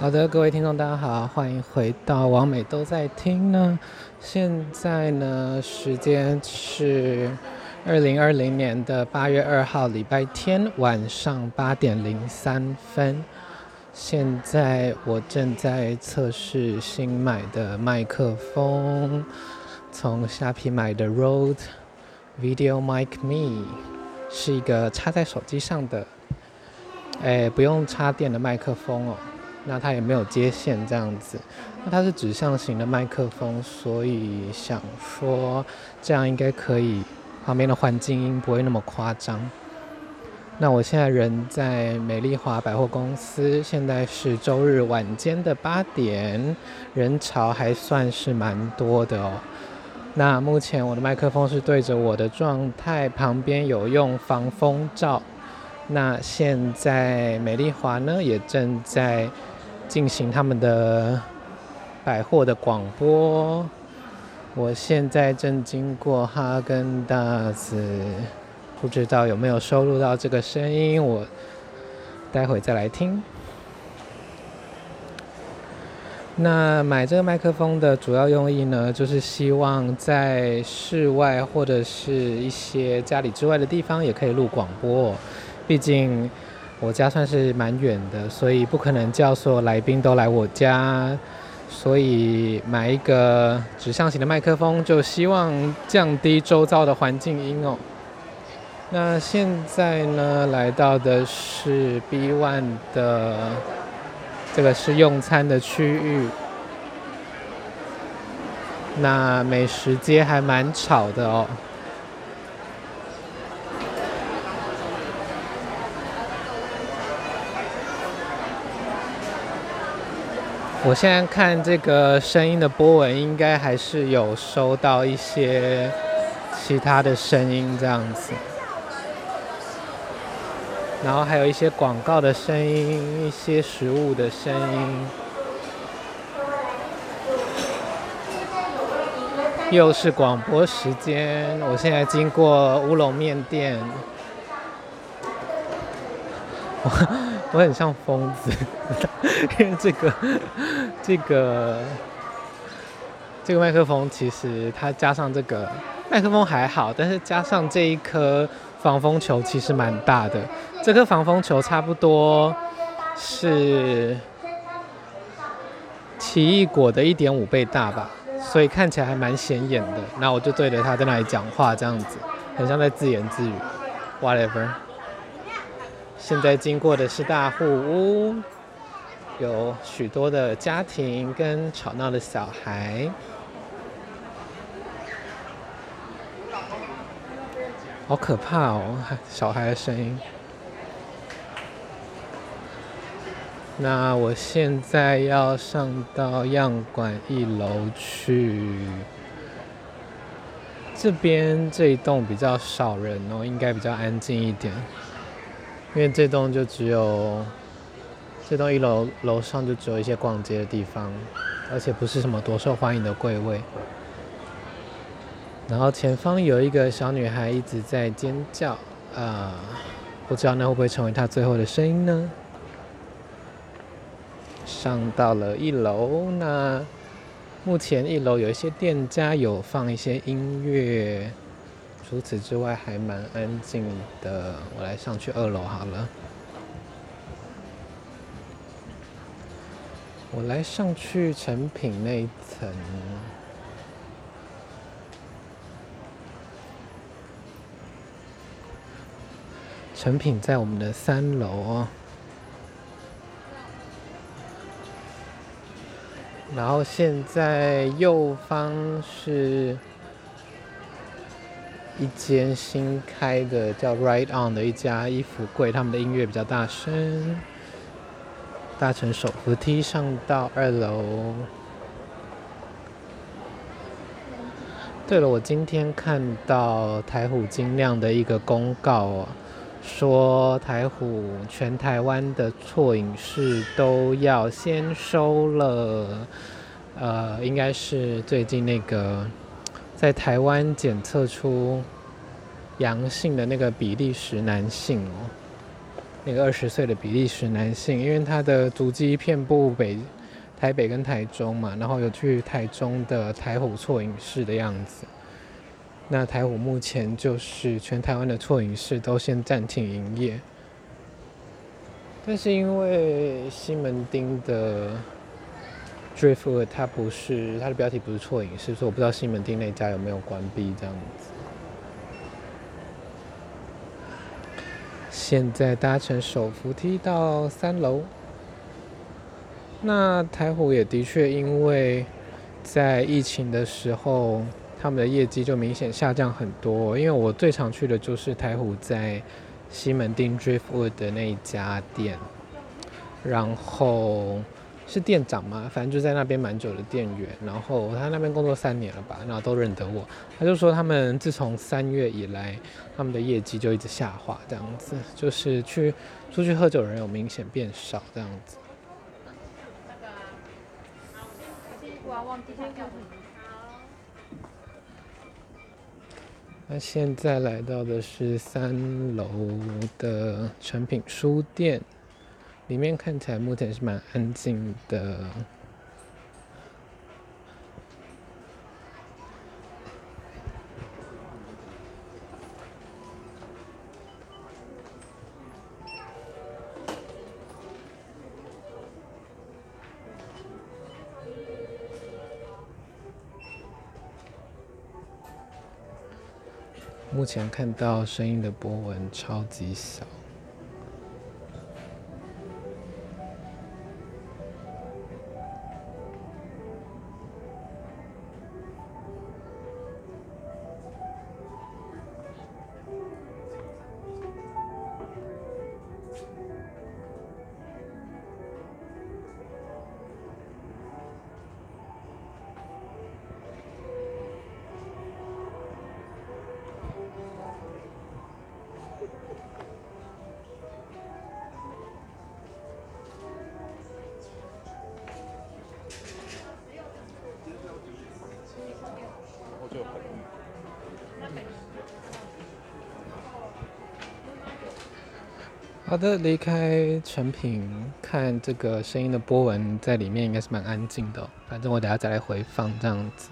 好的，各位聽眾，大家好，歡迎回到《王美都在聽》呢。現在呢，時間是二零二零年的八月二號禮拜天晚上八點零三分。現在我正在測試新買的麥克風，從蝦皮買的 Rode VideoMic Me，是一個插在手機上的，哎、欸，不用插電的麥克風哦。那它也沒有接線這樣子，那它是指向型的麥克風，所以想說這樣應該可以，旁邊的環境音不會那麼誇張。那我現在人在美麗華百貨公司，現在是周日晚間的八點，人潮還算是蠻多的哦。那目前我的麥克風是對着我的狀態，旁邊有用防風罩。那現在美麗華呢也正在。進行他們的百貨的廣播。我現在正經過哈根達斯，不知道有沒有收錄到這個聲音。我待會再來聽。那買這個麥克風的主要用意呢，就是希望在室外或者是一些家裡之外的地方也可以錄廣播，畢竟。我家算是蠻遠的，所以不可能叫所有來賓都來我家，所以買一個指向型的麥克風，就希望降低周遭的環境音哦。那現在呢，來到的是 B1 的這個是用餐的區域。那美食街還蠻吵的哦。我現在看這個聲音的波紋，應該還是有收到一些其他的聲音這樣子，然後還有一些廣告的聲音，一些食物的聲音，又是廣播時間。我現在經過烏龍麵店哇。我很像瘋子，因為這個，這個，這個麥克風其實它加上這個麥克風還好，但是加上這一顆防風球其實蠻大的。這顆防風球差不多是奇異果的一點五倍大吧，所以看起來還蠻顯眼的。那我就對着它在那裡講話，這樣子很像在自言自語，Whatever。現在經過的是大戶屋，有許多的家庭跟吵鬧的小孩，好可怕哦！小孩的聲音。那我現在要上到漾館一樓去，這邊這一棟比較少人哦，應該比較安靜一點。因為這棟就只有，這棟一樓樓上就只有一些逛街的地方，而且不是什麼多受歡迎的櫃位。然後前方有一個小女孩一直在尖叫，啊、呃，不知道那會不會成為她最後的聲音呢？上到了一樓，那目前一樓有一些店家有放一些音樂。除此之外還蠻安靜的，我來上去二樓好了。我來上去成品那一層。成品在我們的三樓哦。然後現在右方是。一間新開的叫 Right On 的一家衣服櫃，他們的音樂比較大聲，搭乘手扶梯上到二樓。對了，我今天看到台虎精釀的一個公告哦，說台虎全台灣的啜飲室都要先收了，呃，應該是最近那個。在台灣檢測出陽性的那個比利時男性哦、喔，那個二十歲的比利時男性，因為他的足跡遍布北台北跟台中嘛，然後有去台中的台虎撮影室的樣子。那台虎目前就是全台灣的撮影室都先暫停營業。但是因為西門町的。Driftwood，它不是它的標題不是錯影是說我不知道西門町那家有沒有關閉這樣子。現在搭乘手扶梯到三樓。那台虎也的確因為在疫情的時候，他們的業績就明顯下降很多。因為我最常去的就是台虎在西門町 Driftwood 的那一家店，然後。是店長嗎？反正就在那邊蠻久的店員，然後他那邊工作三年了吧，然後都認得我。他就說他們自從三月以來，他們的業績就一直下滑，這樣子，就是去出去喝酒的人有明顯變少這樣子。那現在來到的是三樓的誠品書店。裡面看起來目前是蠻安靜的。目前看到聲音的波紋超級小。好的，離開成品，看這個聲音的波紋在裡面應該是蠻安靜的哦，反正我等下再來回放這樣子。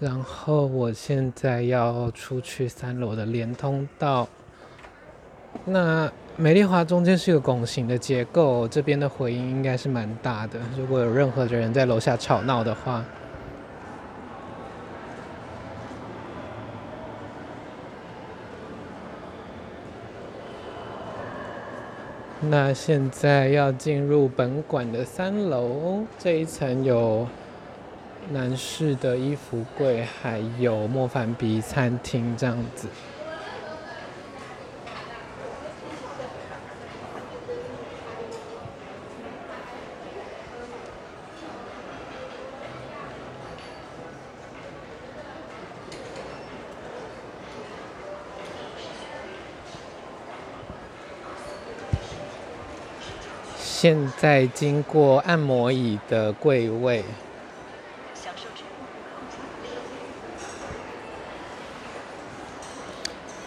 然後我現在要出去三樓的連通道。那美麗華中間是一個拱形的結構，這邊的回音應該是蠻大的，如果有任何的人在樓下吵鬧的話。那現在要進入本館的三樓，這一層有男士的衣服櫃，還有莫凡比餐廳這樣子。現在經過按摩椅的櫃位，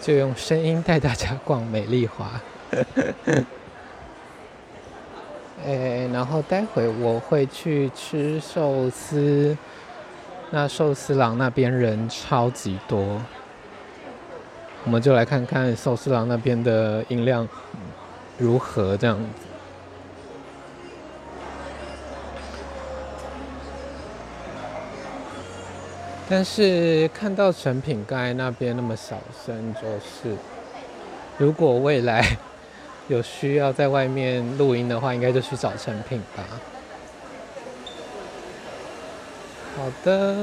就用聲音帶大家逛美麗華、 欸。然後待會我會去吃壽司，那壽司郎那邊人超級多，我們就來看看壽司郎那邊的音量如何這樣子。但是看到成品，蓋那邊那麼小聲，就是如果未來有需要在外面錄音的話，應該就去找成品吧。好的。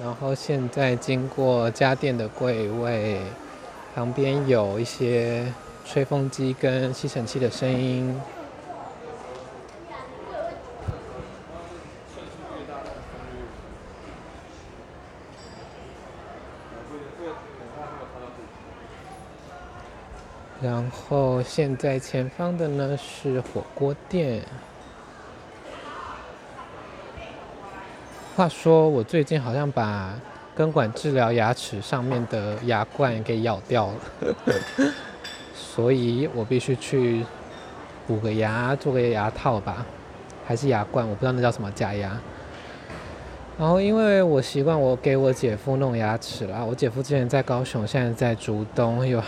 然後現在經過家電的櫃位，旁邊有一些吹風機跟吸塵器的聲音。然後現在前方的呢，是火鍋店。話說我最近好像把根管治療牙齒上面的牙冠給咬掉了， 所以我必須去補個牙，做個牙套吧，還是牙冠？我不知道那叫什麼假牙。然後因為我習慣我給我姐夫弄牙齒啦，我姐夫之前在高雄，現在在竹東有，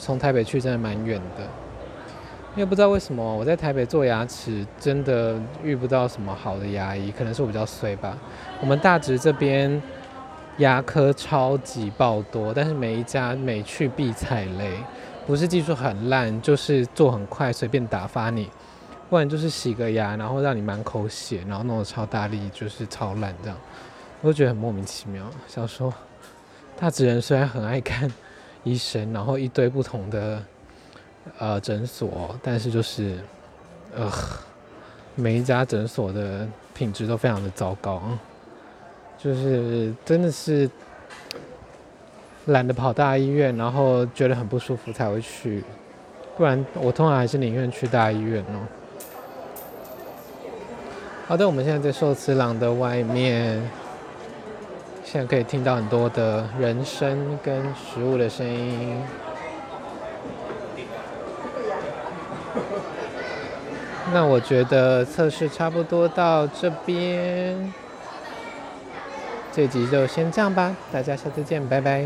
從台北去真的蠻遠的，因為不知道為什麼我在台北做牙齒真的遇不到什麼好的牙醫，可能是我比較衰吧。我們大直這邊牙科超級爆多，但是每一家每去必踩雷，不是技術很爛，就是做很快隨便打發你，不然就是洗個牙然後讓你滿口血，然後弄得超大力就是超爛這樣，我都覺得很莫名其妙。想說大直人雖然很愛看。醫生，然後一堆不同的呃診所，但是就是呃每一家診所的品質都非常的糟糕啊，就是真的是懶得跑大醫院，然後覺得很不舒服才會去，不然我通常還是寧願去大醫院哦、喔。好的，我們現在在壽司郎的外面。現在可以聽到很多的人聲跟食物的聲音，那我覺得測試差不多到這邊，這集就先這樣吧，大家下次見，拜拜。